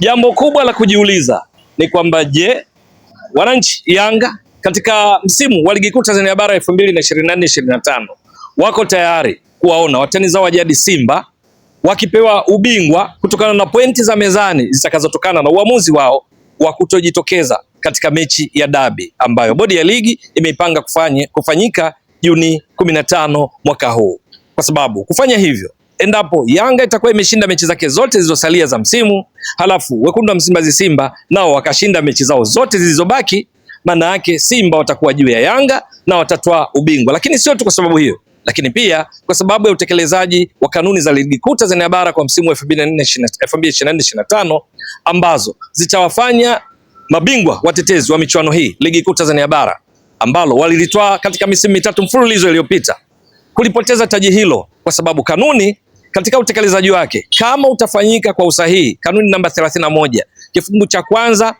Jambo kubwa la kujiuliza ni kwamba je, wananchi Yanga katika msimu wa ligi kuu Tanzania bara 2024-2025 wako tayari kuwaona watani zao wajadi Simba wakipewa ubingwa kutokana na pointi za mezani zitakazotokana na uamuzi wao wa kutojitokeza katika mechi ya dabi ambayo bodi ya ligi imeipanga kufanye, kufanyika Juni 15 mwaka huu, kwa sababu kufanya hivyo endapo Yanga itakuwa imeshinda mechi zake zote zilizosalia za msimu, halafu wekundu wa Msimbazi Simba nao wakashinda mechi zao zote zilizobaki, maana yake Simba watakuwa juu ya Yanga na watatwaa ubingwa. Lakini sio tu kwa sababu hiyo, lakini pia kwa sababu ya utekelezaji wa kanuni za ligi kuu Tanzania bara kwa msimu wa 2024/2025 ambazo zitawafanya mabingwa watetezi wa michuano hii ligi kuu Tanzania bara ambalo walilitoa katika misimu mitatu mfululizo iliyopita kulipoteza taji hilo kwa sababu kanuni katika utekelezaji wake kama utafanyika kwa usahihi. Kanuni namba 31 kifungu cha kwanza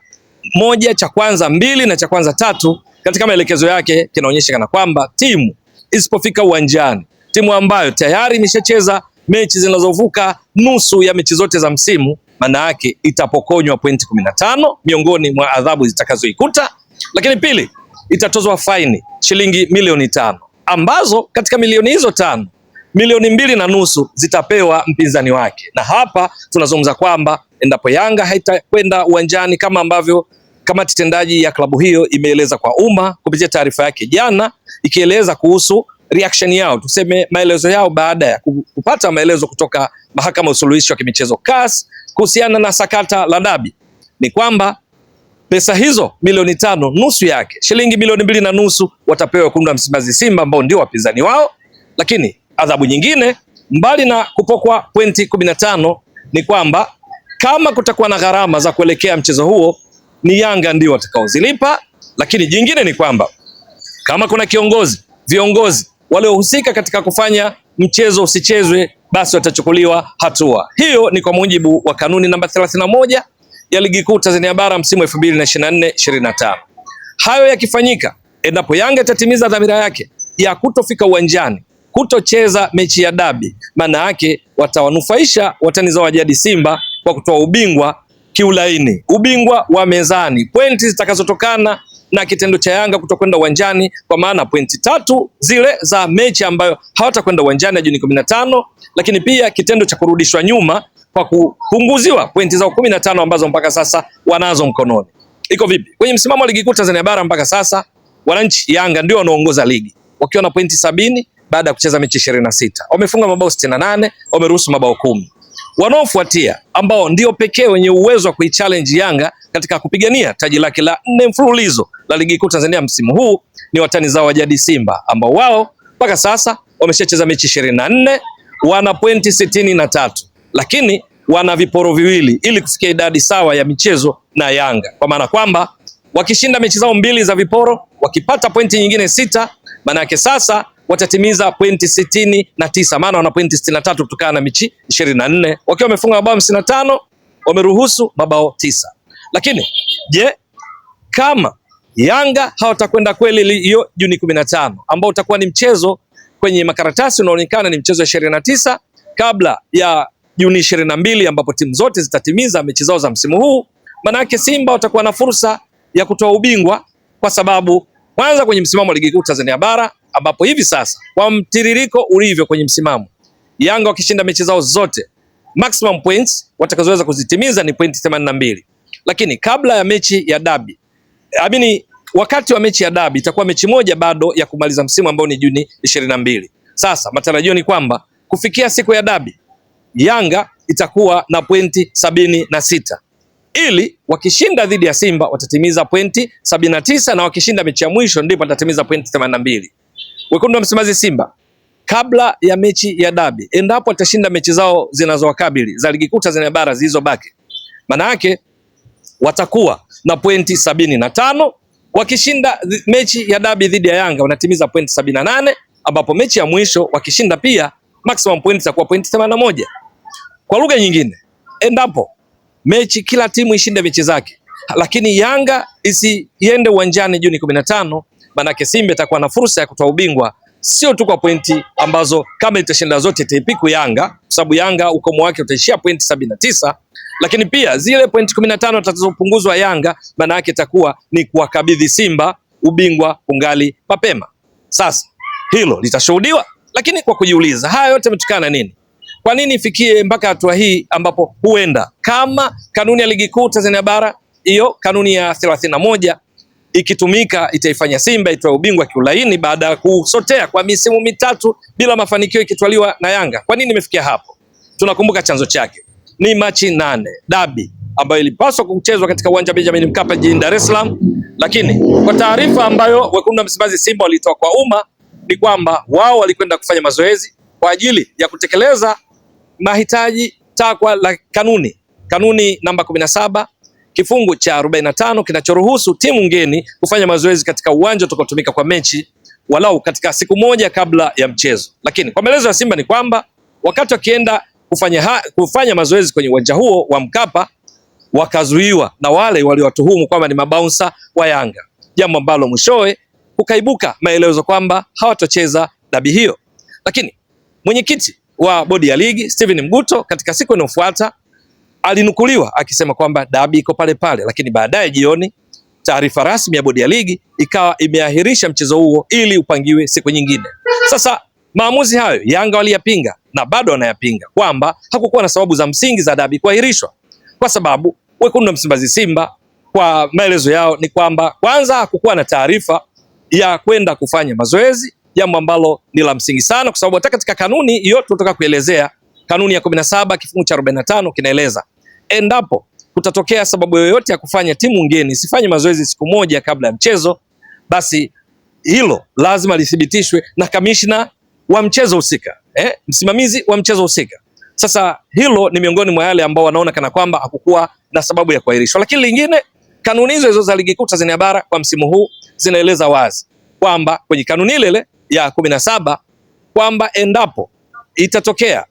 moja cha kwanza mbili na cha kwanza tatu katika maelekezo yake kinaonyesha kana kwamba timu isipofika uwanjani, timu ambayo tayari imeshacheza mechi zinazovuka nusu ya mechi zote za msimu, maana yake itapokonywa pointi 15 miongoni mwa adhabu zitakazoikuta. Lakini pili, itatozwa faini shilingi milioni tano ambazo katika milioni hizo tano milioni mbili na nusu zitapewa mpinzani wake, na hapa tunazungumza kwamba endapo Yanga haitakwenda uwanjani kama ambavyo kamati tendaji ya klabu hiyo imeeleza kwa umma kupitia taarifa yake jana, ikieleza kuhusu reaction yao, tuseme maelezo yao, baada ya kupata maelezo kutoka mahakama ya usuluhishi wa kimichezo CAS kuhusiana na sakata la dabi, ni kwamba pesa hizo milioni tano nusu yake shilingi milioni mbili na nusu watapewa wekundu wa Msimbazi Simba ambao ndio wapinzani wao, lakini Adhabu nyingine mbali na kupokwa pointi kumi na tano ni kwamba kama kutakuwa na gharama za kuelekea mchezo huo ni Yanga ndio watakaozilipa. Lakini jingine ni kwamba kama kuna kiongozi, viongozi waliohusika katika kufanya mchezo usichezwe, basi watachukuliwa hatua. Hiyo ni kwa mujibu wa kanuni namba 31 ya Ligi Kuu Tanzania Bara msimu 2024 25. Hayo yakifanyika, endapo Yanga itatimiza dhamira yake ya kutofika uwanjani kutocheza mechi ya dabi, maana yake watawanufaisha watani zao wajadi Simba kwa kutoa ubingwa kiulaini, ubingwa wa mezani, pointi zitakazotokana na kitendo cha Yanga kutokwenda uwanjani, kwa maana pointi tatu zile za mechi ambayo hawatakwenda uwanjani ya Juni kumi na tano, lakini pia kitendo cha kurudishwa nyuma kwa kupunguziwa pointi zao kumi na tano ambazo mpaka sasa wanazo mkononi. Iko vipi kwenye msimamo wa ligi kuu Tanzania bara? Mpaka sasa wananchi Yanga ndio wanaongoza ligi wakiwa na pointi sabini baada ya kucheza mechi ishirini na sita wamefunga mabao sitini na nane wameruhusu mabao kumi wanaofuatia ambao ndio pekee wenye uwezo wa kuichallenge Yanga katika kupigania taji lake la nne mfululizo la ligi kuu Tanzania msimu huu ni watani zao wa jadi Simba, ambao wao mpaka sasa wameshacheza mechi ishirini na nne wana pointi sitini na tatu lakini wana viporo viwili ili kufikia idadi sawa ya michezo na Yanga, kwa maana kwamba wakishinda mechi zao mbili za viporo, wakipata pointi nyingine sita, maana yake sasa watatimiza pointi sitini na tisa maana wana pointi sitini na tatu kutokana na mechi ishirini na nne wakiwa wamefunga mabao hamsini na tano wameruhusu mabao tisa. Lakini je, kama Yanga hawatakwenda kweli hiyo Juni kumi na tano ambao utakuwa ni mchezo kwenye makaratasi unaonekana ni mchezo wa ishirini na tisa kabla ya Juni ishirini na mbili ambapo timu zote zitatimiza mechi zao za msimu huu, manake Simba watakuwa na fursa ya kutoa ubingwa kwa sababu kwanza kwenye msimamo wa ligi kuu Tanzania bara ambapo hivi sasa kwa mtiririko ulivyo kwenye msimamo, Yanga wakishinda mechi zao zote, maximum points watakazoweza kuzitimiza ni point 82, lakini kabla ya mechi ya dabi amini, wakati wa mechi ya dabi itakuwa mechi moja bado ya kumaliza msimu ambao ni Juni 22. Sasa matarajio ni kwamba kufikia siku ya dabi Yanga itakuwa na pointi sabini na sita ili wakishinda dhidi ya Simba watatimiza pointi sabini na tisa na wakishinda mechi ya mwisho ndipo watatimiza pointi themanini na mbili. Wekundu wa Msimbazi Simba kabla ya mechi ya dabi, endapo atashinda mechi zao zinazowakabili za ligi kuu Tanzania bara zilizobaki, maana yake watakuwa na pointi sabini na tano. Wakishinda mechi ya dabi dhidi ya Yanga wanatimiza pointi sabini na nane ambapo mechi ya mwisho wakishinda pia maximum pointi itakuwa pointi themanini na moja. Kwa lugha nyingine, endapo mechi kila timu ishinde mechi zake, lakini Yanga isiende uwanjani Juni manake Simba itakuwa na fursa ya kutoa ubingwa sio tu kwa pointi ambazo kama itashinda zote itaipiku Yanga, kwa sababu Yanga ukomo wake utaishia pointi sabini na tisa, lakini pia zile pointi kumi na tano zitakazopunguzwa Yanga, maana yake itakuwa ni kuwakabidhi Simba ubingwa ungali mapema. Sasa hilo litashuhudiwa, lakini kwa kujiuliza, haya yote yametokana nini? Kwa nini ifikie mpaka hatua hii ambapo huenda kama kanuni ya ligi kuu Tanzania bara hiyo kanuni ya thelathini na moja ikitumika itaifanya Simba itoe ubingwa kiulaini baada ya kusotea kwa misimu mitatu bila mafanikio ikitwaliwa na Yanga. Kwa nini imefikia hapo? Tunakumbuka chanzo chake ni Machi nane dabi ambayo ilipaswa kuchezwa katika uwanja Benjamin Mkapa jijini Dar es Salaam, lakini kwa taarifa ambayo wekundu wa Msimbazi Simba walitoa kwa umma ni kwamba wao walikwenda kufanya mazoezi kwa ajili ya kutekeleza mahitaji takwa la kanuni kanuni namba kumi na saba kifungu cha 45 kinachoruhusu timu ngeni kufanya mazoezi katika uwanja utakaotumika kwa mechi walau katika siku moja kabla ya mchezo. Lakini kwa maelezo ya Simba ni kwamba wakati wakienda kufanya, ha, kufanya mazoezi kwenye uwanja huo wa Mkapa wakazuiwa na wale waliowatuhumu kwamba ni mabaunsa wa Yanga, jambo ambalo mwishowe kukaibuka maelezo kwamba hawatocheza dabi hiyo. Lakini mwenyekiti wa bodi ya ligi Steven Mguto katika siku inayofuata alinukuliwa akisema kwamba dabi iko pale pale, lakini baadaye jioni taarifa rasmi ya bodi ya ligi ikawa imeahirisha mchezo huo ili upangiwe siku nyingine. Sasa maamuzi hayo Yanga waliyapinga na bado wanayapinga kwamba hakukuwa na sababu za msingi za dabi kuahirishwa, kwa sababu wekundu wa Msimbazi Simba kwa maelezo yao ni kwamba kwanza hakukuwa na taarifa ya kwenda kufanya mazoezi, jambo ambalo ni la msingi sana, kwa sababu hata katika kanuni yote tunataka kuelezea, kanuni ya 17 kifungu cha 45 kinaeleza endapo kutatokea sababu yoyote ya kufanya timu ngeni isifanye mazoezi siku moja kabla ya mchezo, basi hilo lazima lithibitishwe na kamishna wa mchezo husika eh, msimamizi wa mchezo husika. Sasa hilo ni miongoni mwa yale ambao wanaona kana kwamba hakukuwa na sababu ya kuahirishwa. Lakini lingine, kanuni hizo hizo za ligi kuu Tanzania bara kwa msimu huu zinaeleza wazi kwamba kwenye kanuni ile ile ya kumi na saba kwamba endapo itatokea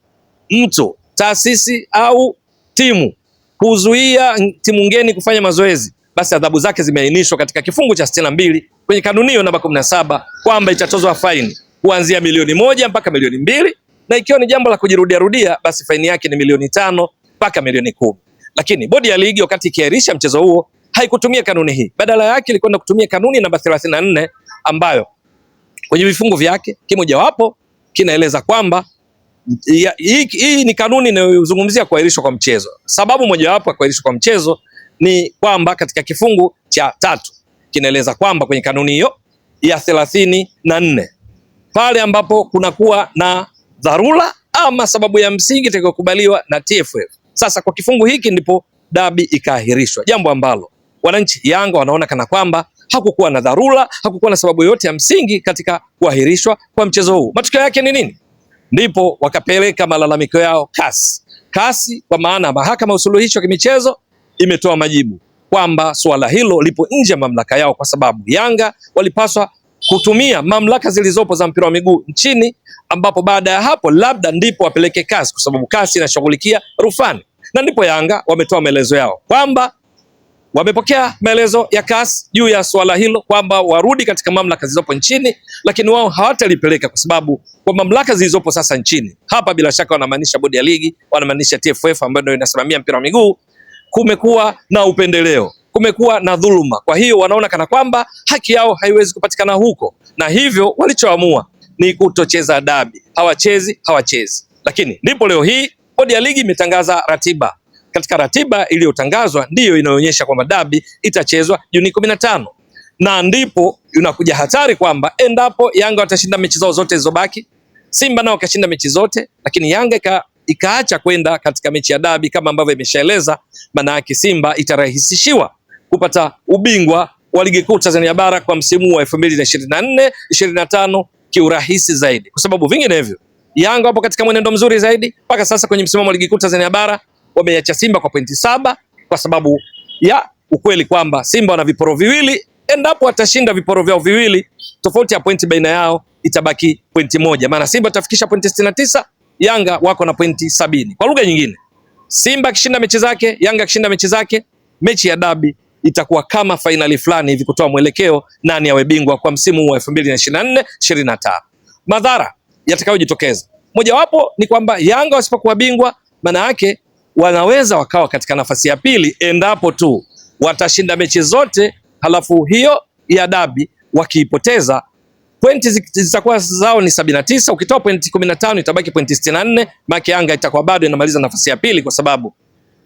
mtu, taasisi au timu kuzuia timu ngeni kufanya mazoezi, basi adhabu zake zimeainishwa katika kifungu cha sitini na mbili kwenye kanuni hiyo namba kumi na saba kwamba itatozwa faini kuanzia milioni moja mpaka milioni mbili na ikiwa ni jambo la kujirudia rudia, basi faini yake ni milioni tano mpaka milioni kumi. Lakini bodi ya ligi wakati ikiahirisha mchezo huo haikutumia kanuni hii, badala yake ilikwenda kutumia kanuni namba nne ambayo kwenye vifungu vyake kimojawapo kinaeleza kwamba hii, hii ni kanuni inayozungumzia kuahirishwa kwa mchezo. Sababu mojawapo ya kuahirishwa kwa mchezo ni kwamba katika kifungu cha tatu kinaeleza kwamba kwenye kanuni hiyo ya thelathini na nne pale ambapo kunakuwa na dharura ama sababu ya msingi itakayokubaliwa na TFF. Sasa kwa kifungu hiki ndipo dabi ikaahirishwa, jambo ambalo wananchi Yanga wanaona kana kwamba hakukuwa na dharura, hakukuwa na sababu yoyote ya msingi katika kuahirishwa kwa mchezo huu. Matokeo yake ni nini? ndipo wakapeleka malalamiko yao kasi kasi, kwa maana mahakama ya usuluhishi wa kimichezo imetoa majibu kwamba suala hilo lipo nje ya mamlaka yao, kwa sababu Yanga walipaswa kutumia mamlaka zilizopo za mpira wa miguu nchini, ambapo baada ya hapo labda ndipo wapeleke kasi, kwa sababu kasi inashughulikia rufani, na ndipo Yanga wametoa maelezo yao kwamba wamepokea maelezo ya CAS juu ya swala hilo kwamba warudi katika mamlaka zilizopo nchini, lakini wao hawatalipeleka kwa sababu kwa mamlaka zilizopo sasa nchini hapa, bila shaka wanamaanisha bodi ya ligi, wanamaanisha TFF ambayo ndio inasimamia mpira wa miguu. Kumekuwa na upendeleo, kumekuwa na dhuluma. Kwa hiyo wanaona kana kwamba haki yao haiwezi kupatikana huko, na hivyo walichoamua ni kutocheza dabi. Hawachezi, hawachezi. Lakini ndipo leo hii bodi ya ligi imetangaza ratiba katika ratiba iliyotangazwa ndiyo inayoonyesha kwamba dabi itachezwa Juni kumi na tano na ndipo unakuja hatari kwamba endapo Yanga watashinda mechi zao zote zilizobaki, Simba nao kashinda mechi zote, lakini Yanga ika, ikaacha kwenda katika mechi ya dabi kama ambavyo imeshaeleza, maana yake Simba itarahisishiwa kupata ubingwa wa ligi kuu Tanzania bara kwa msimu wa 2024 25 kiurahisi zaidi, kwa sababu vinginevyo Yanga wapo katika mwenendo mzuri zaidi mpaka sasa kwenye msimamo wa ligi kuu Tanzania bara wameacha Simba kwa pointi saba kwa sababu ya ukweli kwamba Simba wana viporo viwili. Endapo watashinda viporo vyao viwili, tofauti ya pointi baina yao itabaki pointi moja, maana Simba itafikisha pointi sitini na tisa, Yanga wako na pointi sabini. Kwa lugha nyingine, Simba akishinda mechi zake, Yanga akishinda mechi zake, mechi ya dabi itakuwa kama fainali fulani hivi kutoa mwelekeo nani awe bingwa kwa msimu huu wa na tano. Madhara yatakayojitokeza mojawapo ni kwamba Yanga wasipokuwa bingwa, maana yake wanaweza wakawa katika nafasi ya pili endapo tu watashinda mechi zote, halafu hiyo ya dabi wakiipoteza pointi zitakuwa zao ni sabini na tisa. Ukitoa pointi kumi na tano itabaki pointi sitini na nne maana Yanga itakuwa bado inamaliza nafasi ya pili, kwa sababu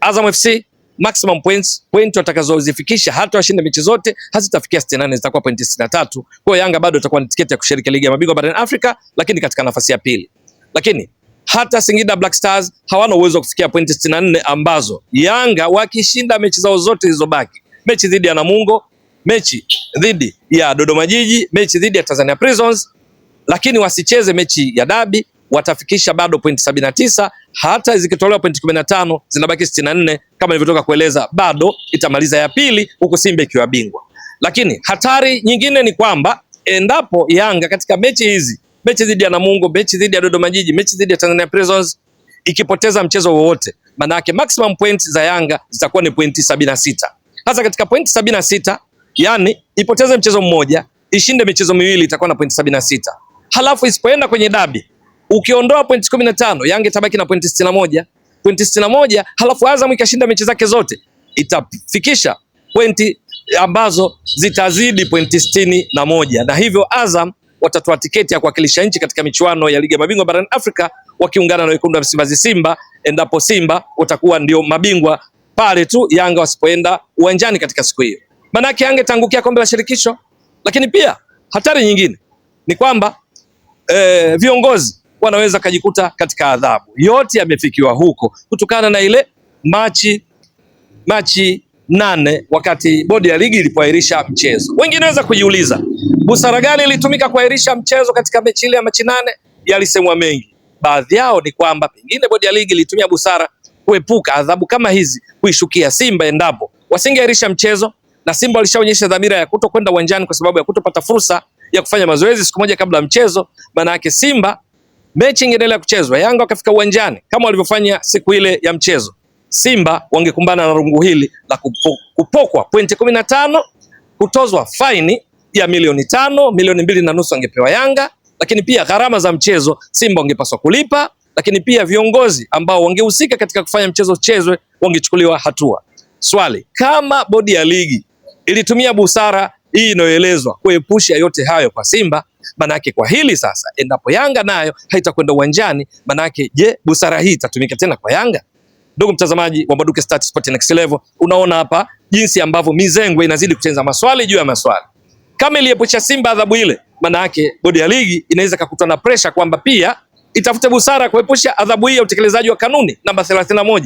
Azam FC maximum points point watakazozifikisha hata washinde mechi zote hazitafikia 64 zitakuwa pointi 63. Kwa hiyo Yanga bado itakuwa na tiketi ya kushiriki ligi ya mabingwa barani Afrika, lakini katika nafasi ya pili, lakini hata Singida Black Stars hawana uwezo wa kufikia pointi sitini na nne ambazo Yanga wakishinda mechi zao zote zilizobaki, mechi dhidi ya Namungo, mechi dhidi ya Dodoma Jiji, mechi dhidi ya Tanzania Prisons, lakini wasicheze mechi ya dabi, watafikisha bado pointi sabini na tisa. Hata zikitolewa pointi kumi na tano zinabaki sitini na nne kama ilivyotoka kueleza, bado itamaliza ya pili, huku Simba ikiwa bingwa. Lakini hatari nyingine ni kwamba endapo Yanga katika mechi hizi mechi dhidi ya Namungo, mechi dhidi ya Dodoma Jiji, mechi dhidi ya Tanzania Prisons, ikipoteza mchezo wowote, maana yake maximum point za Yanga zitakuwa ni pointi sabini na sita. Sasa katika pointi sabini na sita, yani ipoteze mchezo mmoja, ishinde michezo miwili, itakuwa na pointi sabini na sita. Halafu isipoenda kwenye dabi, ukiondoa pointi kumi na tano, Yanga itabaki na pointi sitini na moja, pointi sitini na moja, halafu Azam ikashinda mechi zake zote, itafikisha pointi ambazo zitazidi pointi sitini na moja na hivyo Azam watatoa tiketi ya kuwakilisha nchi katika michuano ya ligi ya mabingwa barani Afrika wakiungana na wekundu wa Msimbazi Simba, endapo Simba watakuwa ndio mabingwa pale tu Yanga wasipoenda uwanjani katika siku hiyo, manake Yanga tangukia kombe la shirikisho. Lakini pia hatari nyingine ni kwamba e, viongozi wanaweza kajikuta katika adhabu. Yote yamefikiwa huko kutokana na ile machi machi nane wakati bodi ya ligi ilipoahirisha mchezo. Wengi naweza kujiuliza busara gani ilitumika kuahirisha mchezo katika mechi ile ya Machi nane? Yalisemwa mengi, baadhi yao ni kwamba pengine bodi ya ligi ilitumia busara kuepuka adhabu kama hizi kuishukia Simba endapo wasingeahirisha mchezo, na Simba walishaonyesha dhamira ya kutokwenda uwanjani kwa sababu ya kutopata fursa ya kufanya mazoezi siku moja kabla ya mchezo. Maana yake Simba mechi ingeendelea kuchezwa, Yanga wakafika uwanjani kama walivyofanya siku ile ya mchezo, Simba wangekumbana na rungu hili la kupokwa pointi kumi na tano, kutozwa faini ya milioni tano, milioni mbili na nusu angepewa Yanga, lakini pia gharama za mchezo Simba wangepaswa kulipa, lakini pia viongozi ambao wangehusika katika kufanya mchezo chezwe wangechukuliwa hatua. Swali, kama bodi ya ligi ilitumia busara hii inayoelezwa kuepusha yote hayo kwa Simba, manake kwa hili sasa, endapo Yanga nayo haitakwenda uwanjani, manake je, busara hii itatumika tena kwa Yanga? Ndugu mtazamaji wa Mbaduke Stats Sport Next Level, unaona hapa jinsi ambavyo mizengwe inazidi kucheza maswali juu ya maswali. Kama iliepusha Simba adhabu ile, maana yake bodi ya ligi inaweza kukutana na pressure kwamba pia itafute busara kuepusha adhabu hii ya utekelezaji wa kanuni namba 31.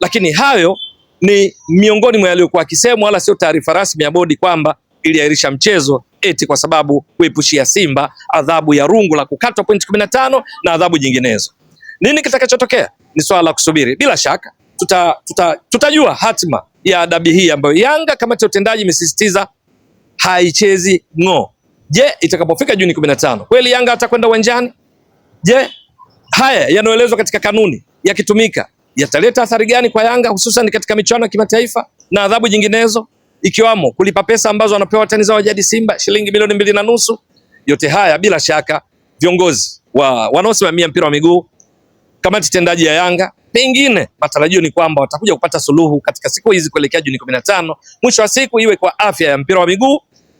Lakini hayo ni miongoni mwa yaliyokuwa akisemwa, wala sio taarifa rasmi ya bodi kwamba iliahirisha mchezo eti kwa sababu kuepushia Simba adhabu ya rungu la kukatwa pointi 15 na adhabu nyinginezo. Nini kitakachotokea ni swala la kusubiri. Bila shaka tuta, tuta, tutajua hatima ya dabi hii ambayo Yanga kamati ya utendaji imesisitiza haichezi ng'o. Je, itakapofika Juni 15 kweli Yanga atakwenda uwanjani? Je, haya yanayoelezwa katika kanuni yakitumika yataleta athari gani kwa Yanga hususan katika michuano ya kimataifa na adhabu nyinginezo ikiwamo kulipa pesa ambazo wanapewa watani zao jadi Simba shilingi milioni mbili na nusu. Yote haya bila shaka viongozi wa wanaosimamia mpira wa miguu kamati tendaji ya Yanga, pengine matarajio ni kwamba watakuja kupata suluhu katika siku hizi kuelekea Juni kumi na tano. Mwisho wa siku iwe kwa afya ya mpira wa miguu,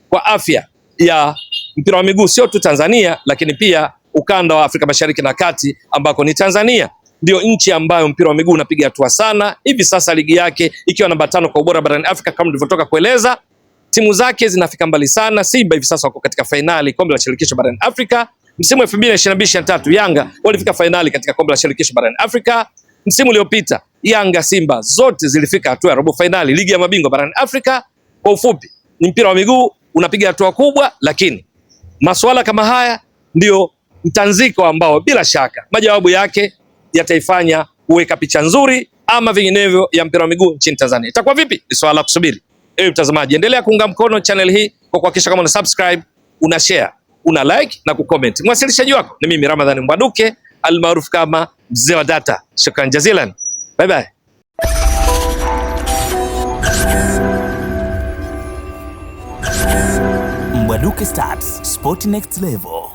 kwa afya ya mpira wa miguu sio tu Tanzania, lakini pia ukanda wa Afrika Mashariki na Kati, ambako ni Tanzania ndio nchi ambayo mpira wa miguu unapiga hatua sana hivi sasa, ligi yake ikiwa namba tano kwa ubora barani Afrika kama nilivyotoka kueleza timu zake zinafika mbali sana. Simba hivi sasa wako katika fainali kombe la shirikisho barani Afrika. Msimu 2022/23 Yanga walifika fainali katika kombe la shirikisho barani Afrika. Msimu uliopita Yanga, Simba zote zilifika hatua ya robo fainali ligi ya mabingwa barani Afrika. Kwa ufupi, ni mpira wa miguu unapiga hatua kubwa, lakini masuala kama haya ndio mtanziko ambao bila shaka majawabu yake yataifanya kuweka picha nzuri ama vinginevyo ya mpira wa miguu nchini Tanzania. Itakuwa vipi? Ni swala la kusubiri. Ewe mtazamaji, endelea kuunga mkono channel hii kwa kuhakikisha kama una subscribe, una share una like na kucomment. Mwasilishaji wako ni mimi Ramadhani Mbwaduke almaarufu kama mzee wa data. Shukran jazilan, bye bye. Mbwaduke Stats, Sport Next Level.